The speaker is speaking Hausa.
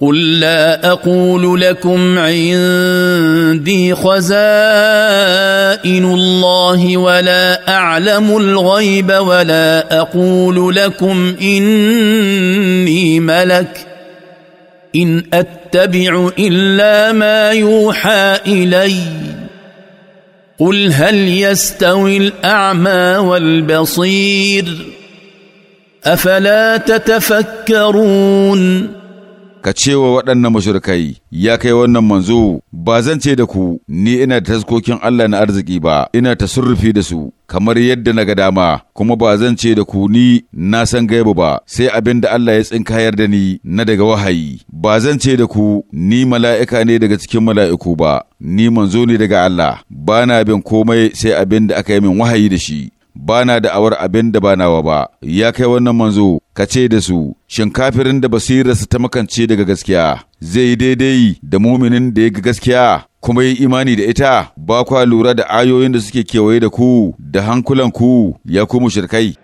قل لا اقول لكم عندي خزائن الله ولا اعلم الغيب ولا اقول لكم اني ملك ان اتبع الا ما يوحى الي قل هل يستوي الاعمى والبصير افلا تتفكرون ka cewa waɗannan mashirkai ya kai wannan manzo ba zan ce da ku ni ina da taskokin Allah na arziki ba ina ta surrufi da su kamar yadda na ga dama kuma ba zan ce da ku ni na san gaibu ba sai abin da Allah ya tsinkayar da ni na daga wahayi ba zan ce da ku ni mala'ika ne daga cikin mala'iku ba ni manzo ne daga Allah ba na bin komai sai abin da aka yi min wahayi da shi ba na awar abin da ba nawa ba, ya kai wannan manzo, ka ce da su, shin kafirin da basirarsa ta makance daga gaskiya, zai yi daidai da muminin da ya ga gaskiya, kuma yi imani da ita, ba kwa lura da ayoyin da suke kewaye da ku, da hankulanku, ya ku shirikai.